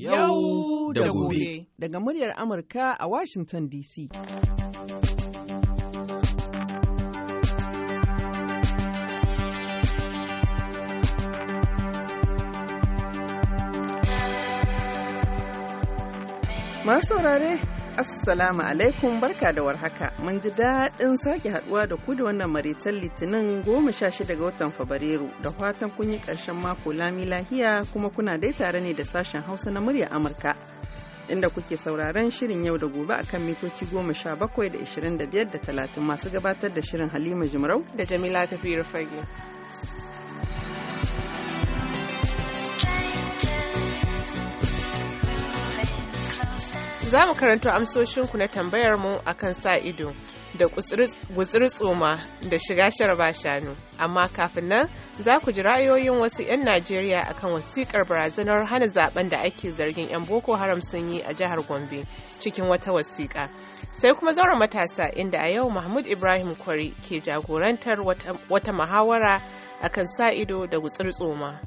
yau da gobe daga muryar Amurka a Washington DC. Masu saurare Assalamu alaikum barka da warhaka. Mun ji daɗin sake haɗuwa da ku da wannan maritan litinin goma sha shida ga watan Fabrairu da fatan kun yi ƙarshen mako lami lahiya kuma kuna dai tare ne da sashen Hausa na murya Amurka. Inda kuke sauraron shirin yau da gobe akan mitoci goma sha bakwai da ishirin da biyar da talatin masu gabatar da shirin Halima Jimrau da Jamila Kabiru Fage. za mu karanto amsoshinku na tambayar mu akan sa ido da gutsur tsoma da shiga sharaba shanu amma kafin nan za ku ji ra'ayoyin wasu 'yan najeriya akan wasiƙar barazanar hana zaben da ake zargin 'yan boko haram sun yi a jihar gombe cikin wata wasiƙa sai kuma zaura matasa inda a yau mahmud ibrahim kwari ke jagorantar wata muhawara akan sa ido da gutsur tsoma.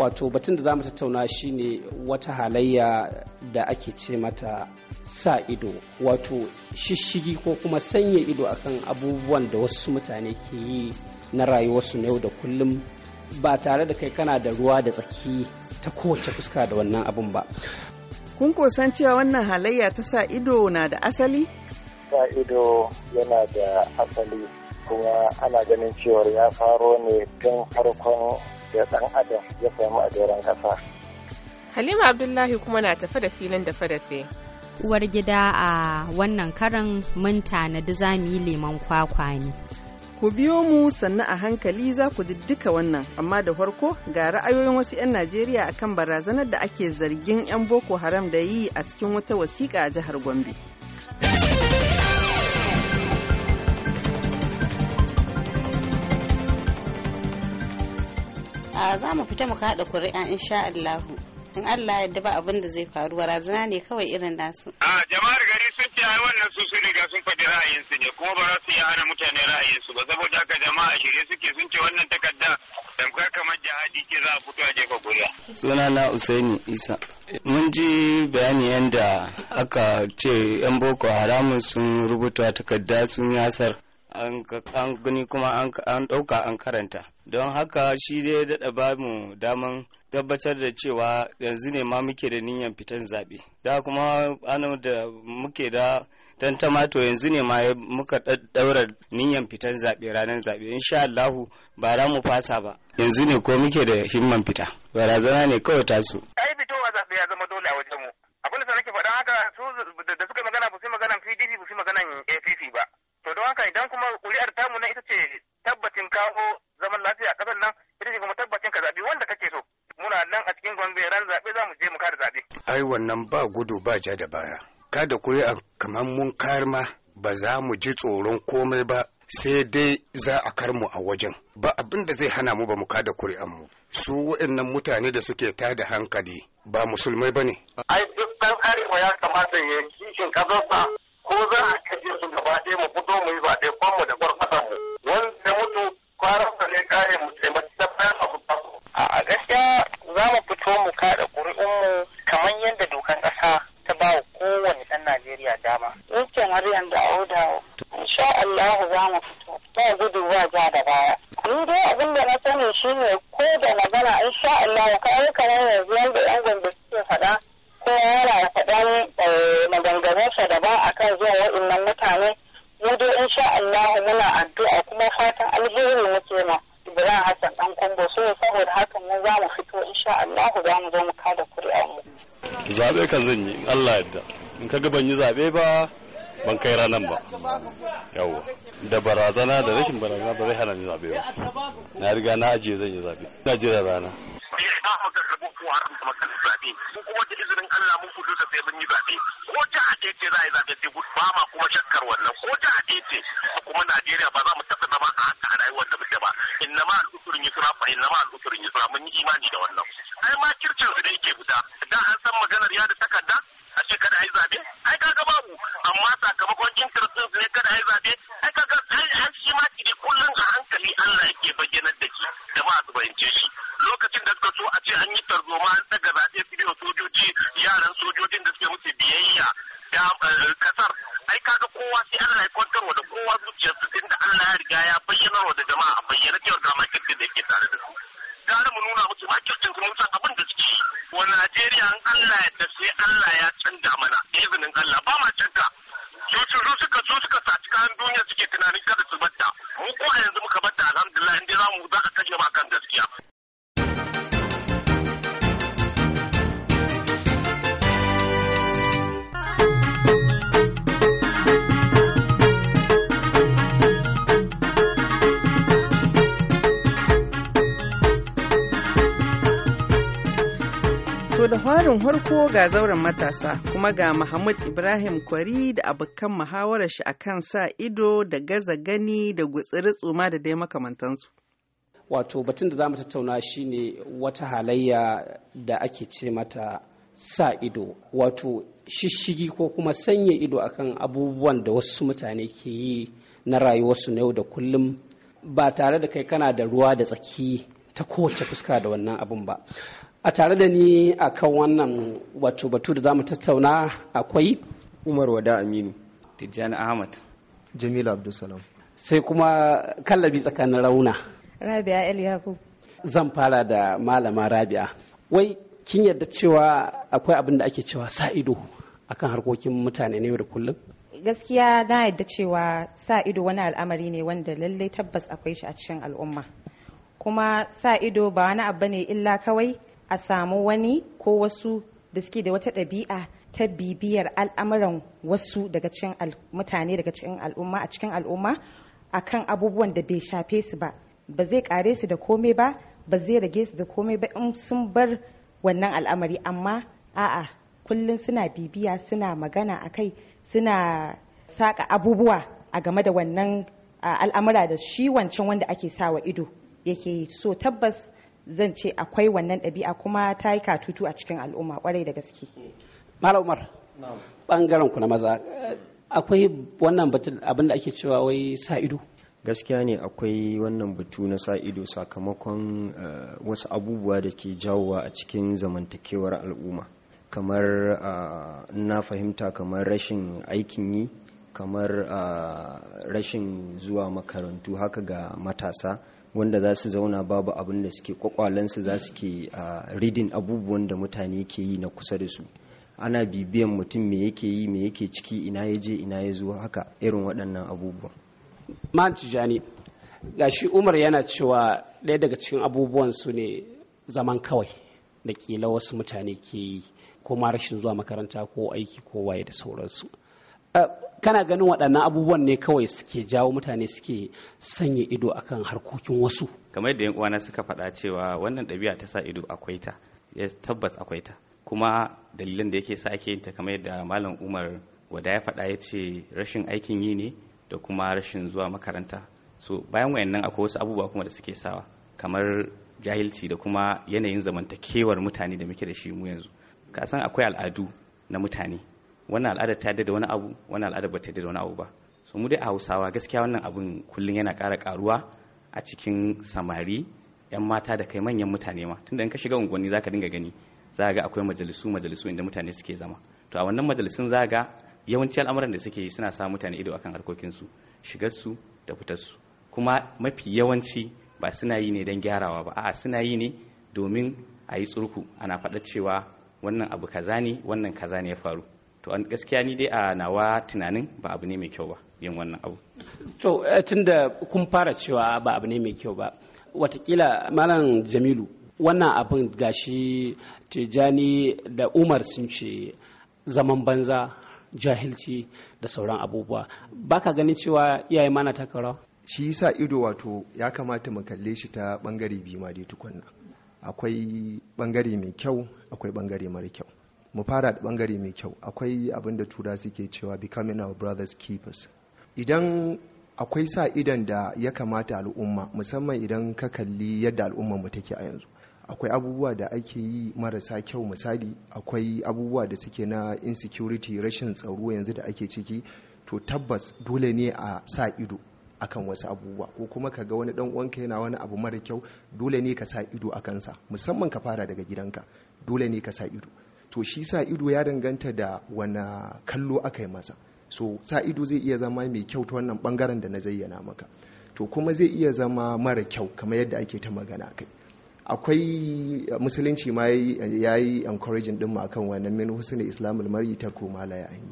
wato batun da za mu tattauna shine wata halayya da ake ce mata sa ido wato shishigi ko kuma sanya ido akan abubuwan da wasu mutane ke yi na rayuwarsu na yau da kullum ba tare da kai kana da ruwa da tsaki ta kowace fuska da wannan abun ba kun kusan cewa wannan halayya ta sa ido na da asali sa ido yana da asali kuma ana ganin cewar ya faro ne tun farkon da ɗan adam ya samu a doron ƙasa. Halima Abdullahi kuma na tafe da filin da fadafe. Uwar gida a wannan karan mun tanadi za mu kwakwa ne. Ku biyo mu sannan a hankali za ku duka wannan, amma da farko ga ra'ayoyin wasu 'yan Najeriya a kan barazanar da ake zargin 'yan Boko Haram da yi a cikin wata wasiƙa a jihar Gombe. a za mu fita mu kaɗa ƙuri'a sha Allahu in Allah yadda ba abin da zai faru barazana ne kawai irin nasu. A jama'ar gari sun ce ai wannan su sun riga sun faɗi ra'ayinsu ne kuma ba za su yi hana mutane ra'ayinsu ba saboda haka jama'a shirye suke sun ce wannan takarda tamkar kamar jihadi ke za a fito a jefa Suna na Usaini Isa. Mun ji bayani yadda aka ce 'yan Boko Haramun sun rubuta takarda sun yasar. an gani kuma an ɗauka an karanta don haka shi dai daɗa ba mu daman tabbatar da cewa yanzu ne ma muke da niyan fitan zaɓe da kuma an da muke da tantama to yanzu ne ma muka ɗaura niyan fitan zaɓe ranar zaɓe insha Allahu ba za mu fasa ba yanzu ne ko muke da himman fita barazana ne kawai tasu ai fitowa zaɓe ya zama dole a wajen mu abin da nake faɗa haka su da suka magana ba su magana PDP ba su magana APC ba to don haka idan kuma kuri'ar tamu na ita ce tabbacin kawo zaman lafiya a ƙasar nan ita ce kuma tabbacin ka zaɓi wanda kake so muna nan a cikin gombe ran zaɓe za mu je mu kada zaɓe. ai wannan ba gudu ba ja da baya kada kuri'ar kamar mun kayar ma ba za mu ji tsoron komai ba sai dai za a kar mu a wajen ba abin da zai hana mu ba mu kada kuri'ar mu su wa'annan mutane da suke ta da hankali ba musulmai ba ne. ai duk ɗan arewa ya kamata ya kishin ƙasarsa ko za a kashe su gaba ɗaya mu fito mu yi ba ɗaya mu da kwarkwatan mu wanda mutu kwaransa ne kare mu taimaki hakan zan yi Allah yadda in ka ban yi zaɓe ba ban kai ranar ba yawwa da barazana da rashin barazana ba zai hana ni zaɓe ba na riga na ajiye zan yi zaɓe na jira rana wanda muke ba inna ma al'usurin yusra fa inna ma yi yusra mun yi imani da wannan ai ma kirkin su da yake fita da an san maganar ya da takarda a ce kada ai zabe ai kaga babu amma sakamakon interest din ne kada ai zabe ai kaga ai an shi ma ki kullum kullun a hankali Allah yake bayyana da ki da ba su bayyance shi lokacin da suka so a ce an yi tarzoma an daga zabe su biyo sojoji yaran sojojin da suke musu biyayya da kasar ai kaga kowa sai Allah ya kwantar da kowa su inda Allah ya riga ya bayyana wa da jama'a a bayyana cewa ga makircin da yake tare da su gara mu nuna musu makircin su abin da suke wa Najeriya an Allah ya da sai Allah ya canja mana izinin Allah ba ma canka su suka su suka saci kayan duniya suke tunanin kada su batta mu ko yanzu muka batta alhamdulillah inda za mu za a kashe ma kan gaskiya da farin harko ga zauren matasa kuma ga Muhammad Ibrahim Kwari da abokan muhawarar shi akan sa ido da gaza gani da gutsiri tsoma da dai makamantansu. Wato batun da za mu tattauna shi ne wata halayya da ake ce mata sa ido wato shishigi ko kuma sanya ido akan abubuwan da wasu mutane ke yi na rayuwarsu na yau da kullum ba tare da kai kana da ruwa da tsaki ta kowace fuska da wannan abun ba a tare da ni a kan wannan wato batu da za mu tattauna akwai umar wada aminu tijjani ahmad Jamilu abdulsalam sai kuma kallabi tsakanin rauna rabia el yakub zan fara da malama rabia wai kin yadda cewa akwai abin da ake cewa sa ido kan harkokin mutane ne da kullum gaskiya na yadda cewa sa ido wani al'amari ne wanda lallai tabbas akwai shi a cikin al'umma kuma sa ido ba wani abu ne illa kawai a samu wani ko wasu da suke da wata ɗabi'a ta bibiyar al'amuran wasu daga cikin mutane daga cikin al'umma a cikin al'umma a kan abubuwan da bai shafe su ba ba zai kare su da komai ba ba zai rage su da komai ba in sun bar wannan al'amari amma a'a kullum suna bibiya suna magana a kai suna saka abubuwa a game da wannan al'amura da shi wancan wanda ake sawa ido yake so tabbas zan ce akwai wannan ɗabi'a kuma ta yi katutu a cikin al'umma kwarai da gaske. Malam Umar, ɓangaren ku na maza akwai wannan batun abin da ake cewa wai sa ido. Gaskiya ne akwai wannan batu na sa ido sakamakon eh, wasu abubuwa da ke jawowa a cikin zamantakewar al'umma. Kamar eh, na fahimta kamar rashin aikin yi, kamar eh, rashin zuwa makarantu haka ga matasa. wanda za su zauna babu abin da suke kwakwalansu za su ke ridin abubuwan da mutane ke yi na kusa da su ana bibiyan mutum me yake yi me yake ciki ina ya je ina ya zo haka irin waɗannan abubuwan man tijani gashi umar yana cewa ɗaya daga cikin abubuwan su ne zaman kawai da kila wasu mutane ke yi ko ma rashin zuwa makaranta ko aiki ko waye da sauransu Eh, kana ganin waɗannan abubuwan ne kawai suke jawo mutane suke sanya ido akan harkokin wasu kamar yadda uwana suka faɗa cewa wannan ɗabi'a ta sa ido akwai ta ya tabbas akwai ta kuma dalilan da yake sa ake yin ta kamar yadda malam umar wada ya faɗa ya ce rashin aikin yi ne da kuma rashin zuwa makaranta so bayan wayannan akwai wasu abubuwa kuma da suke sawa kamar jahilci da kuma yanayin zamantakewar mutane da muke da shi mu yanzu ka san akwai al'adu na mutane wannan al'ada ta da wani abu wannan al'ada ba ta da wani abu ba so mu dai a hausawa gaskiya wannan abun kullum yana ƙara karuwa a cikin samari yan mata da kai manyan mutane ma tunda in ka shiga unguwanni zaka dinga gani za ga akwai majalisu majalisu inda mutane suke zama to a wannan majalisun za ga yawanci al'amuran da suke yi suna sa mutane ido akan harkokinsu shigarsu da fitarsu kuma mafi yawanci ba suna yi ne don gyarawa ba a'a suna yi ne domin a yi tsurku ana faɗa cewa wannan abu kaza ne wannan kaza ne ya faru to an gaskiya ni dai a nawa tunanin ba abu ne mai kyau ba yin wannan abu to eh, tunda kun fara cewa ba abu ne mai kyau ba watakila malam jamilu wannan abin gashi tijani da umar sun ce zaman banza jahilci da sauran abubuwa baka ganin cewa iyaye mana takara shi sa ido wato ya kamata mu kalle shi ta bangare biyu ma dai tukunna akwai bangare mai kyau akwai bangare mara kyau mu fara da bangare mai kyau akwai abin da tura suke cewa becoming our brothers keepers idan akwai sa idan da ya kamata al'umma musamman idan ka kalli yadda al'umma mu take a yanzu akwai abubuwa da ake yi marasa kyau misali akwai abubuwa da suke na insecurity rashin tsaro yanzu da ake ciki to tabbas dole ne a sa ido akan wasu abubuwa ko kuma ka ga wani dan uwanka yana wani abu mara kyau dole ne ka sa ido a kansa musamman ka fara daga gidanka dole ne ka sa ido to shi sa ido ya danganta da wana kallo aka yi masa so sa ido zai iya zama mai kyau ta wannan bangaren da na zayyana maka to kuma zai iya zama mara kyau kamar yadda ake ta magana kai akwai eh, musulunci ma ya yi encouraging din ma akan wannan min husnul islamul mar'i ta koma la yayi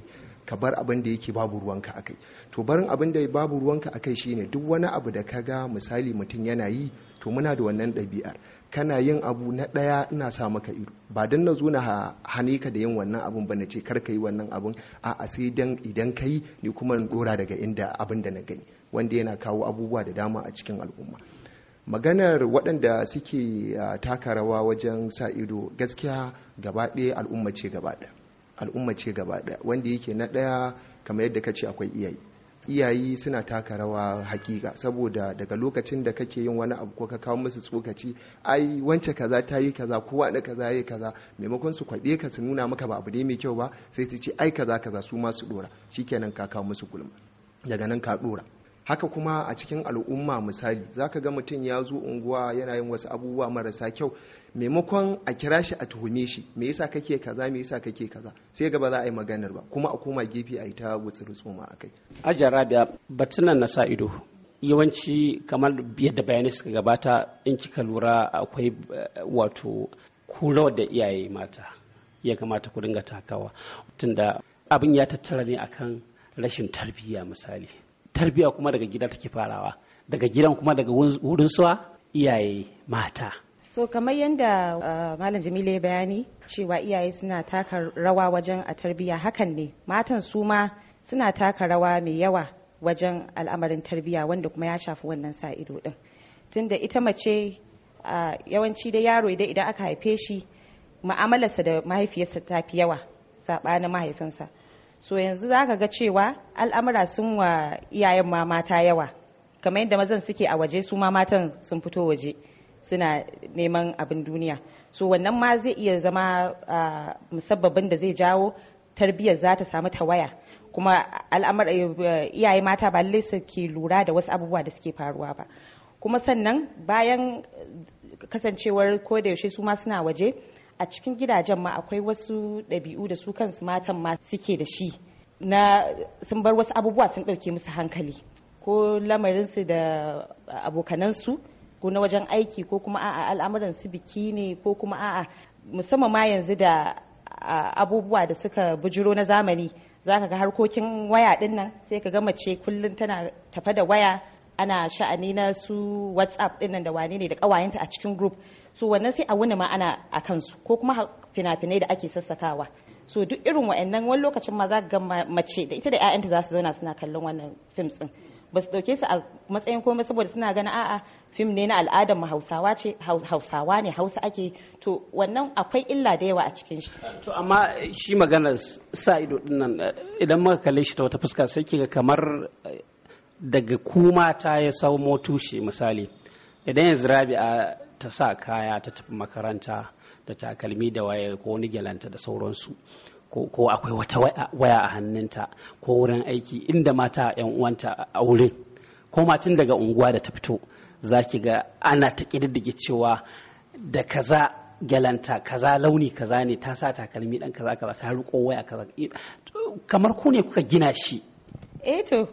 ka bar abin da yake babu ruwanka akai to barin abin da babu ruwanka akai shine duk wani abu da kaga misali mutum yana yi to muna da wannan ɗabi'ar kana yin abu na ɗaya ina sa maka ido ba don na zo na hane ka da yin wannan abun ba na ce kar ka yi wannan abun a sai dan idan ka yi ni kuma in dora daga inda abin da na gani wanda yana kawo abubuwa da dama a cikin al'umma maganar waɗanda suke taka rawa wajen sa ido gaskiya gaba ɗaya al'umma ce gaba ɗaya al'umma ce gaba ɗaya wanda yake na ɗaya kamar yadda ka ce akwai iyaye iyayi suna taka rawa hakika saboda daga lokacin da kake yin wani abu ko ka kawo musu tsokaci ai wance kaza ta yi kaza kowa da kaza yi kaza maimakon su kwaɗe ka su nuna maka ba abu ne mai kyau ba sai su ce ai kaza kaza su ma su dora shikenan ka kawo musu gulma daga nan ka ɗora. haka kuma a cikin al'umma misali zaka ga mutum ya zo unguwa yana yin wasu abubuwa marasa kyau maimakon a kira shi a tuhume shi me yasa kake kaza me yasa kake kaza sai ga ba za a yi maganar ba kuma a koma gefe a yi ta rusuma a kai ajara da batunan na sa ido yawanci kamar yadda bayanai suka gabata in kika lura akwai eh, wato kurawar da iyaye mata ya kamata ku dinga takawa tunda abin ya tattara ne akan rashin tarbiyya misali tarbiya kuma daga gida take farawa daga gidan kuma daga wurin suwa iyaye mata so kamar yadda uh, malam jamilu ya bayani cewa iyaye suna taka rawa wajen a tarbiya hakan ne matan su ma suna taka rawa mai yawa wajen al'amarin tarbiya wanda kuma ya shafi wannan sa ido din tunda ita mace uh, yawanci da yaro idan aka haife shi ma'amalarsa da mahaifiyarsa ta fi yawa saɓanin mahaifinsa so yanzu za ka ga cewa al'amura sun wa iyayen ma mata yawa kamar yadda mazan suke a waje su ma matan sun fito waje suna neman abin duniya so wannan ma zai iya zama musabbabin da zai jawo tarbiyyar za ta samu tawaya kuma al'amura iyaye mata ba lallai ke lura da wasu abubuwa da suke faruwa ba kuma sannan bayan kasancewar ko da yaushe su ma suna waje a cikin gidajen ma akwai wasu ɗabi'u da su kansu matan ma suke da shi na sun bar wasu abubuwa sun ɗauke musu hankali ko lamarinsu da abokanansu ko na wajen aiki ko kuma a'a al'amuransu biki ne ko kuma a'a musamman ma yanzu da abubuwa da suka bujiro na zamani za ka ga harkokin waya ɗin nan sai ka ga mace kullum tana tafa da waya ana sha'ani na su whatsapp ɗin nan da wane ne da ƙawayenta a cikin group so wannan sai a wani ma'ana ana a kansu ko kuma fina-finai da ake sassakawa so duk irin wa'annan wani lokacin ma za ga mace da ita da 'ya'yanta za su zauna suna kallon wannan fim din ba su dauke su a matsayin komai saboda suna gani a'a fim ne na al'adar mu hausawa ce hausawa ne hausa ake to wannan akwai illa da yawa a cikin shi to amma shi magana sa ido din nan eh, idan muka kalle shi ta wata fuska sai kiga kamar eh, daga kuma ta ya samo tushe misali idan yanzu rabi'a ta sa kaya ta tafi makaranta da takalmi da waya ko wani gyalanta da sauransu ko akwai wata waya a hannunta ko wurin aiki inda mata yan uwanta a wurin ko matin daga unguwa da ta fito za ki ga ana ta ƙididdige cewa da kaza gyalanta kaza launi kaza ne ta sa takalmi dan kaza kaza ta riko waya kaza kamar ku ne kuka gina shi eh to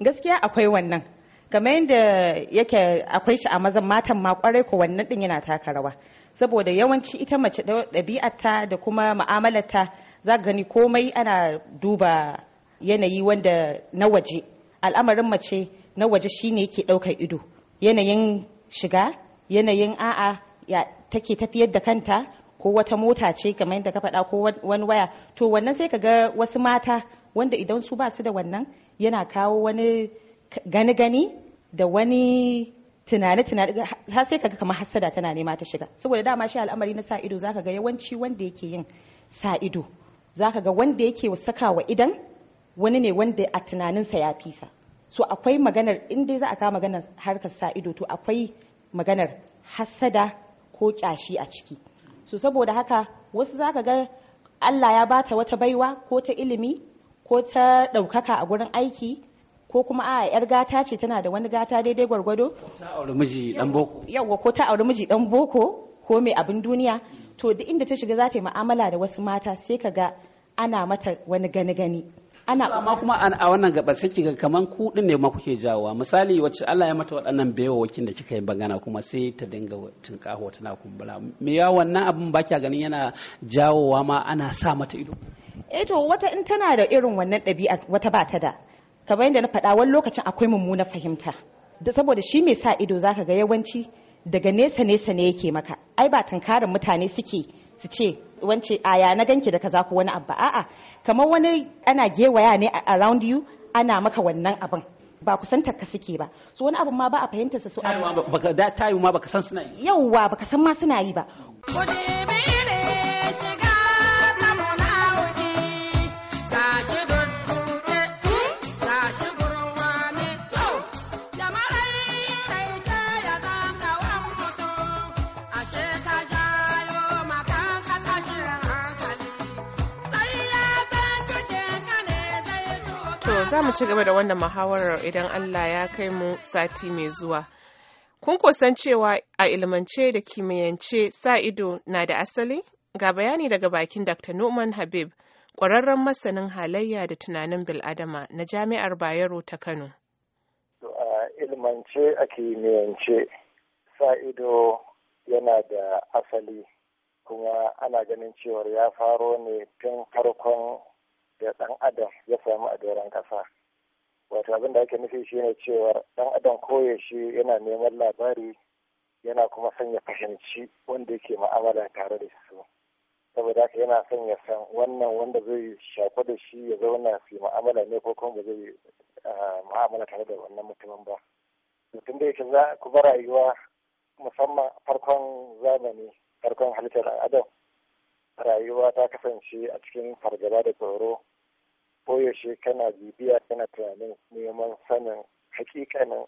gaskiya akwai wannan kamar yadda yake akwai shi a mazan matan ma kwarai ko wannan din yana taka rawa saboda yawanci ita mace ɗabi'arta da kuma ma'amalarta za gani komai ana duba yanayi wanda na waje al'amarin mace na waje shine yake ɗaukar ido yanayin shiga yanayin a'a ya take tafiyar da kanta ko wata mota ce kamar yadda ka faɗa ko wani waya to wannan sai ka ga wasu mata wanda idan su ba su da wannan yana kawo wani gani gani da wani tunane tunane har sai kaga kamar hassada tana nema ta shiga saboda dama shi al'amari na sa ido zaka ga yawanci wanda yake yin sa ido zaka ga wanda yake saka wa idan wani ne wanda a tunaninsa ya fisa so akwai maganar in dai za a kawo maganar harkar sa ido to akwai maganar hassada ko kyashi a ciki so saboda haka wasu zaka ga Allah ya bata wata baiwa ko ta ilimi ko ta ɗaukaka a gurin aiki ko kuma a yar gata ce tana da wani gata daidai gwargwado ta auri miji boko yawa ko ta auri miji dan boko ko mai abin duniya to duk inda ta shiga za ta yi mu'amala da wasu mata sai ka ga ana mata wani gani gani ana amma kuma a wannan gaba sai kiga kamar ku din ne ma kuke jawowa misali wacce Allah ya mata waɗannan bayawakin da kika yi magana kuma sai ta dinga tinkaho tana kumbura me ya wannan abin ba kya ganin yana jawowa ma ana sa mata ido eh to wata in tana da irin wannan ɗabi'a wata ba ta da kamar yadda na faɗa wani lokacin akwai mummuna fahimta da saboda shi mai sa ido zaka ga yawanci daga nesa nesa ne yake maka ai ba tunkarin mutane suke su ce wance aya na ganki da kaza ko wani abu a'a kamar wani ana gewaya ne around you ana maka wannan abin ba ku san ka suke ba su wani abin ma ba a fahimtar su abu da tayi ma baka san suna yi yauwa baka san ma suna yi ba za mu ci gaba da wannan muhawarar idan Allah ya kai mu sati mai zuwa. Kun san cewa a ilmance da kimiyyance sa ido na da asali? Ga bayani daga bakin Dr. Numan Habib, ƙwararren masanin halayya da tunanin bil'adama na Jami'ar Bayero ta Kano. A ilmance a kimiyyance sa ido yana da asali kuma ana ganin cewar ya faro ne tun farkon da ɗan adam ya samu a doron ƙasa wato abin da ake nufi ne cewa ɗan adam koyaushe yana neman labari yana kuma son ya fahimci wanda yake ma'amala tare da su saboda haka yana son ya san wannan wanda zai shaku da shi ya zauna su ma'amala ne ko kuma ba zai ma'amala tare da wannan mutumin ba mutum da yake za ku rayuwa musamman farkon zamani farkon halittar adam rayuwa ta kasance a cikin fargaba da tsoro koyaushe kana bibiya kana tunanin neman sanin hakikanin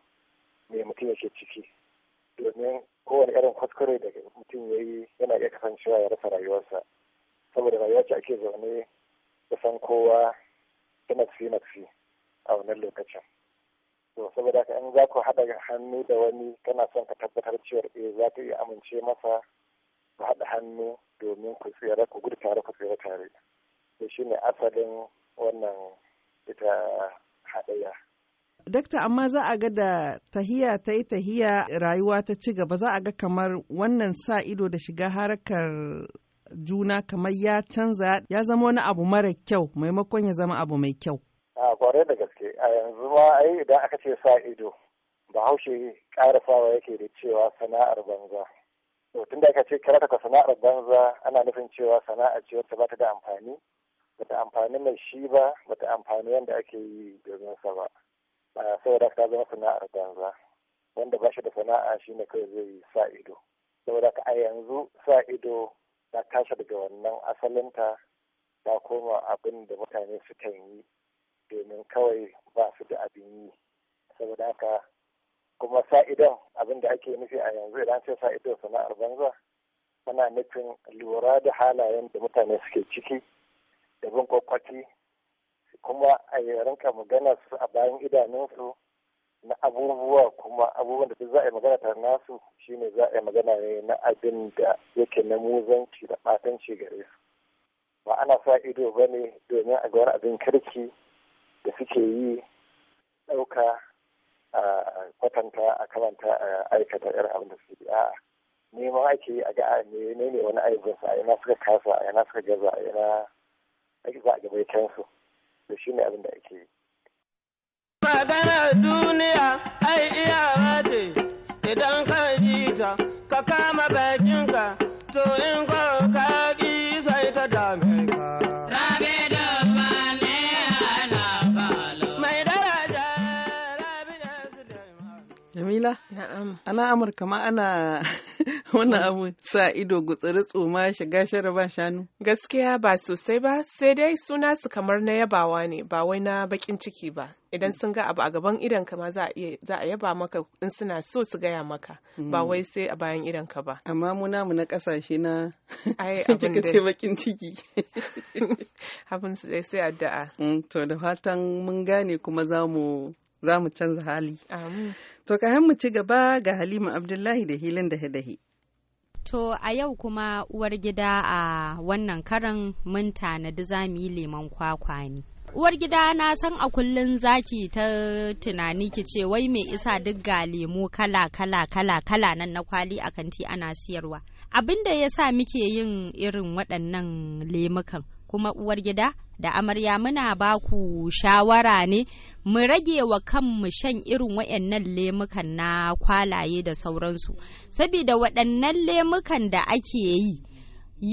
me mutum yake ciki domin kowane irin kuskure da mutum ya yi yana iya kasancewa ya rasa rayuwarsa saboda rayuwa ce ake zaune kusan kowa ta nafsi nafi a wannan lokacin to saboda haka in za ku haɗa hannu da wani kana son ka tabbatar cewa eh za ka iya amince masa ku haɗa hannu domin ku tsira ku gudu tare ku tsira tare da shi ne asalin wannan ita haɗaya Dakta amma za a ga da tahiya ta yi tahiya rayuwa ta ci gaba za a ga kamar wannan sa ido da shiga harkar juna kamar ya canza ya zama wani abu mara kyau maimakon ya zama abu mai kyau. A kwarai da gaske a yanzu ma ai idan aka ce sa ido bahaushe ƙarasawa yake da cewa sana'ar banza. to tunda aka ce kira ta sana'ar banza ana nufin cewa sana'a ce wacce ba ta da amfani bata amfani mai shi ba bata amfani wanda ake yi domin sa ba saboda ta zama sana'ar banza wanda ba shi da sana'a shi ne kai zai sa ido saboda ka a yanzu sa ido ta tashi daga wannan asalinta ta koma abin da mutane sukan yi domin kawai ba su da abin yi saboda haka kuma sa'idan abin da ake nufi a yanzu idan ce sa sana'ar banza ana nufin lura da halayen da mutane suke ciki da bin kwakwati kuma a rinka magana su a bayan idanunsu na abubuwa kuma abubuwan da za a yi magana ta nasu shine za a yi magana ne na abin da yake na muzanci da batanci gare su ba ana sa ido ba ne domin a ga abin kirki da suke yi ɗauka a kwatanta a kamanta a aikata irin abin da suke a'a neman ake yi a ga ne ne wani aibin a ina suka kasa a ina suka gaza a ina ake za a gabaitan su to shi ne abin da ake yi. Maganar duniya ai iyawa ce idan ka ji ta ka kama bakinka to in jamila na'am ana amurka ma ana wani abu sa ido gutsiri tsoma shiga shara ba shanu gaskiya ba sosai ba sai dai suna su kamar na yabawa ne ba wai na bakin ciki ba idan sun ga abu a gaban idan ka ma za a yaba maka in suna so su gaya maka ba hmm. wai sai a bayan idan ka ba amma mu na kasashe na ai abin da ce bakin ciki abin su dai sai addu'a mm, to da fatan mun gane kuma za mu za mu canza hali. To ka mu ci gaba ga Halima Abdullahi da hilin da dahi. To a yau kuma uwar gida a wannan karan mun tanadi za mu yi lemon kwakwa ne. uwar gida na san a kullun zaki ta tunani ki ce wai mai isa duk ga lemu kala kala kala kala nan na kwali a kanti ana siyarwa abin da ya sa muke yin irin waɗannan lemukan kuma uwar gida da amarya muna ba ku shawara ne mu rage wa kanmu shan irin wayannan lemukan na kwalaye da sauransu saboda waɗannan lemukan da ake yi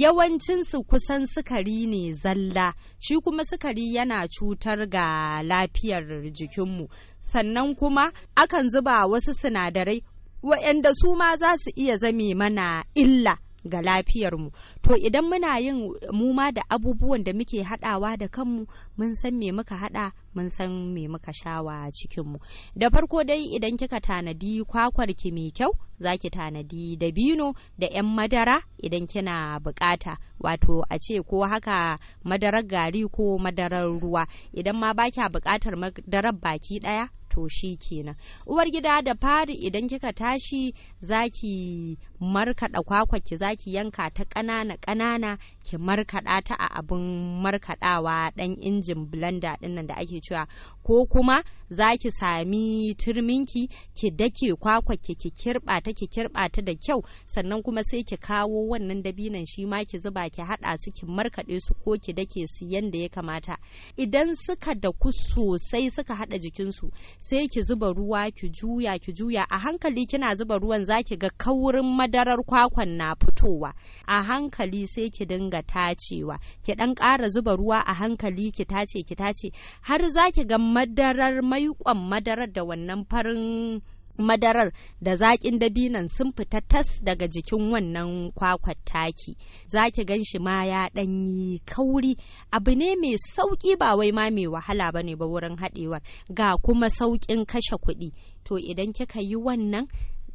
yawancinsu kusan sukari ne zalla shi kuma sukari yana cutar ga lafiyar jikinmu sannan kuma akan zuba wasu sinadarai waɗanda su ma za su iya zame mana illa ga lafiyar mu to idan muna yin muma da abubuwan da muke hadawa da kanmu mun san me muka hada mun san me muka shawa cikinmu da farko dai idan kika tanadi kwakwar ki mai kyau zaki ki tanadi dabino da 'yan madara idan kina bukata wato a ce ko haka madarar gari ko madarar ruwa idan ma ba kya bukatar madarar baki daya to shi kenan uwar gida da fari idan kika tashi zaki markaɗa kwakwa ki zaki yanka ta ƙanana ƙanana ki markaɗa ta a abin markaɗawa ɗan injin blender ɗinnan da ake cewa ko kuma zaki sami turminki ki dake kwakwa ki ki kirɓa ta ki kirɓa ta da kyau sannan kuma sai ki kawo wannan dabinan shi ma ki zuba ki haɗa su ki markaɗe su ko ki dake su yanda ya kamata idan suka da ku sosai suka haɗa jikinsu sai ki zuba ruwa ki juya ki juya a hankali kina zuba ruwan zaki ga kaurin madarar kwakwan na fitowa a hankali sai ki dinga tacewa ki dan ƙara zuba ruwa a hankali ki tace ki tace har zaki ga madarar maiƙon madarar da wannan farin madarar da zaƙin dabinan sun fita tas daga jikin wannan kwakwar taki za ki gan shi ma ya ɗanyi kauri abu ne mai sauƙi ba wai ma mai wahala ba ne ba wurin haɗewar ga kuma sauƙin kashe kuɗi to idan kika yi wannan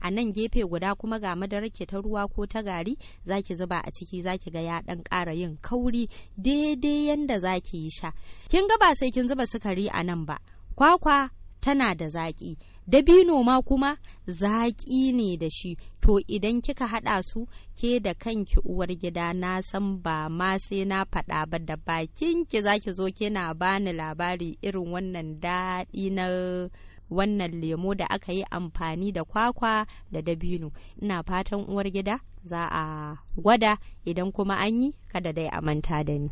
a nan gefe guda kuma ga madarar ke ta ruwa ko ta gari zaki zuba a ciki zaki ga ya dan ƙara yin kauri daidai yanda zaki yi sha kin ga ba sai kin zuba sukari a nan ba kwakwa tana da zaƙi dabino ma kuma zaƙi ne da shi to idan kika haɗa su ke da kanki uwar gida na san ba ma sai na faɗa ba da bakinki za ki zo kina bani labari irin wannan daɗi na wannan lemo da aka yi amfani da kwakwa da dabino ina fatan uwar gida za a gwada idan kuma an yi kada dai a manta da ni.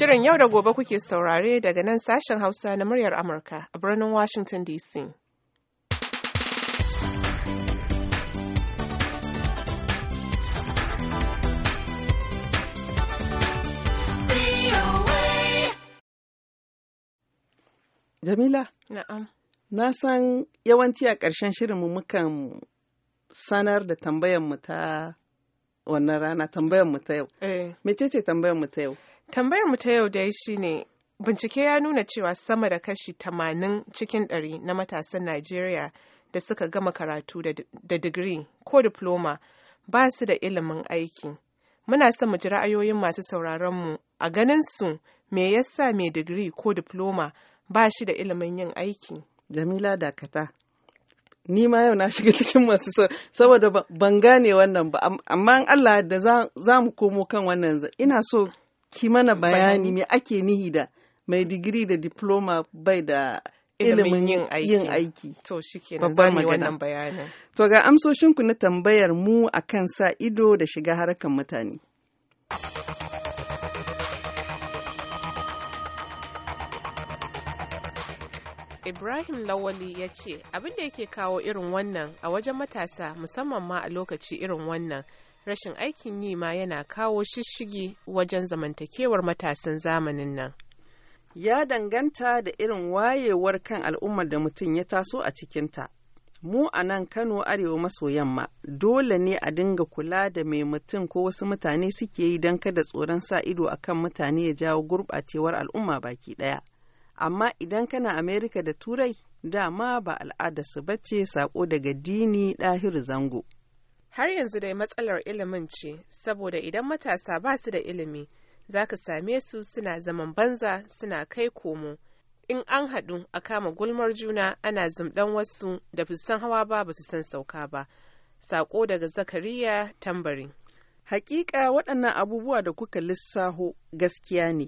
Shirin yau da gobe kuke saurare daga nan sashen Hausa na muryar Amurka a birnin Washington DC. Jamila? Na san yawanci a ƙarshen shirinmu mukan sanar da tambayar mu ta wannan rana tambayar mu ta yau. Eh. Mece ce tambayar mu ta yau? Tambayar mu ta yau dai shine bincike ya nuna cewa sama da kashi 80 cikin 100 na matasan Najeriya da suka gama karatu da digiri ko diploma ba su da ilimin aiki. Muna son mu ji ra'ayoyin masu sauraronmu a ganin su me yasa mai digiri ko diploma ba shi da ilimin yin aiki. Jamila Dakata. Ni ma yau na shiga cikin masu saboda ban gane wannan ba, amma Allah da za mu komo kan wannan ina so ki mana bayani me ake nihi da mai digiri da diploma bai da ilimin yin aiki. To shi ke wannan bayanin. To ga amsoshinku na tambayar mu akan sa ido da shiga harkan mutane. Ibrahim Lawali ya ce abin da yake kawo irin wannan a wajen matasa musamman ma a lokaci irin wannan rashin aikin yi ma yana kawo shishigi wajen zamantakewar matasan zamanin nan. Ya danganta da irin wayewar kan al'ummar da mutum ya taso a cikinta. Mu a nan Kano Arewa maso yamma dole ne a dinga kula da mai mutum ko wasu mutane suke yi don kada tsoron sa ido a kan mutane ya jawo gurɓacewar al'umma baki ɗaya. Amma idan kana Amerika da Turai dama ba al'ada al'adarsu bace saƙo daga dini ɗahiru zango. Har yanzu dai matsalar ilimin ce, saboda idan matasa ba su da ilimi, za ka same su suna zaman banza suna kai komo. In an haɗu a kama gulmar juna ana zumɗan wasu da su san hawa ba ba su san sauka ba. Sako daga Zakariya Tambari. Hakika waɗannan abubuwa da kuka lissaho gaskiya ne,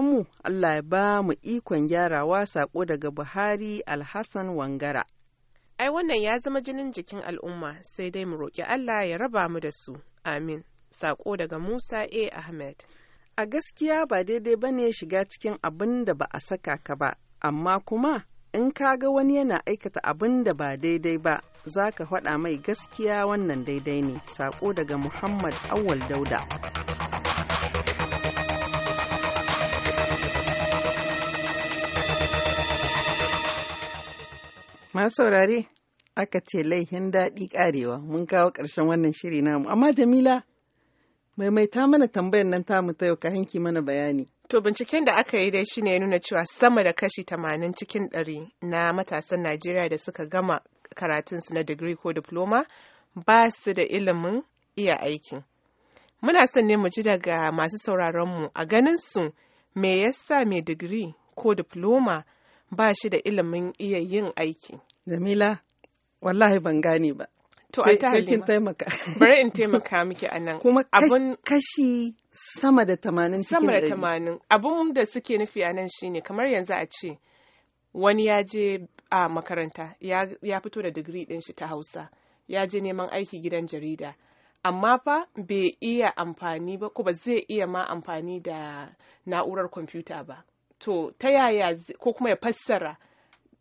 mu Allah ya ba mu ikon gyarawa sako daga Buhari Alhassan Wangara. Ai wannan ya zama jinin jikin al'umma sai dai mu roƙi Allah ya raba mu da su. Amin. Sako daga Musa A. Ahmed. A gaskiya ba daidai ba ne shiga cikin abin da ba a saka ka ba, amma kuma in ka ga wani yana aikata abin da ba daidai ba, za ka faɗa mai gaskiya wannan daidai ne. Sako daga Muhammad Awal Dauda. Masu saurare, aka ce laihin daɗi ƙarewa, mun kawo ƙarshen wannan shiri namu. Amma Jamila, maimaita mana tambayar nan tamu ta yau ka hanki mana bayani. To binciken da aka yi dai shi ne nuna cewa sama da kashi tamanin cikin ɗari na matasan Najeriya da suka gama karatunsu na digiri ko diploma ba su da ilimin iya aikin. Muna son ne mu ji daga masu sauraronmu a ganin su me yasa mai digiri ko diploma ba shi da ilimin iya yin aiki. Jamila, wallahi ban gane ba. To, sai kin taimaka. Bari in taimaka miki a nan. Kuma kashi sama da tamanin cikin Sama da tamanin. Abun da suke nufi a nan shine kamar yanzu a ce wani ya je a makaranta ya fito da digiri ɗin shi ta Hausa ya je neman aiki gidan jarida. amma fa bai iya amfani ba ko ba zai iya ma amfani da na'urar kwamfuta ba to ta yaya ko kuma ya fassara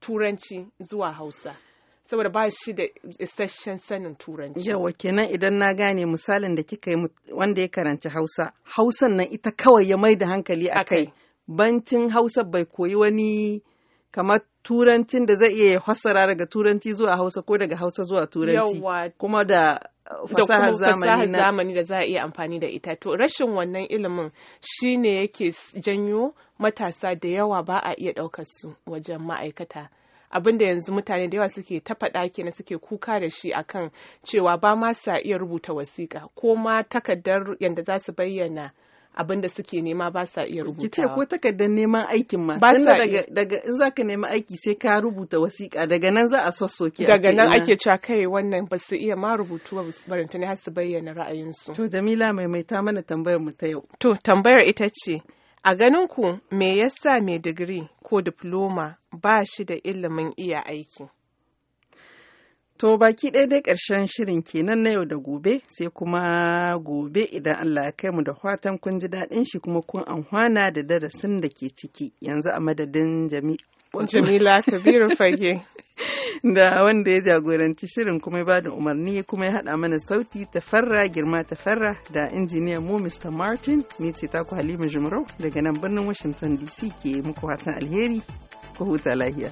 turanci zuwa hausa saboda ba shi da isasshen sanin turanci yawa kenan idan na gane misalin da kika yi wanda ya karanci hausa hausan nan ita kawai ya mai da hankali a kai bancin hausa bai koyi wani kamar turancin da zai iya fassara daga turanci zuwa hausa ko daga hausa zuwa turanci kuma da fasahar zamani na... zamani da za a iya amfani da ita to rashin wannan ilimin shine yake janyo matasa da yawa ba a iya ɗaukar su wajen ma'aikata abin da yanzu mutane da yawa suke ta faɗa kenan suke kuka da shi akan cewa ba ma sa iya rubuta wasiƙa ko ma takardar yadda za su bayyana abin da suke nema ba sa iya rubuta. Kice ko takardar neman aikin ma. Ba sa daga daga in ka nemi aiki sai ka rubuta wasiƙa daga nan za a sossoke. Daga nan ake cewa kai wannan ba su iya ma rubutu ba baranta ne har su bayyana ra'ayinsu. To Jamila maimaita mana tambayar mu ta yau. To tambayar ita ce A ganin ku me yasa mai digiri ko difloma ba shi da ilimin iya aiki? To baki ɗaya dai ƙarshen shirin kenan na yau da gobe sai kuma gobe idan Allah ya kai mu da fatan kun ji daɗin shi kuma kun anhwana da darasin da ke ciki yanzu a madadin jami'a. Jamila Kabiru Fage da wanda ya jagoranci shirin kuma ya da umarni kuma ya haɗa mana sauti ta farra girma ta farra da injiniyan mu Mr. Martin ne ce taku Halima Jumrau daga nan birnin Washington DC ke muku fatan alheri ku huta lahiya.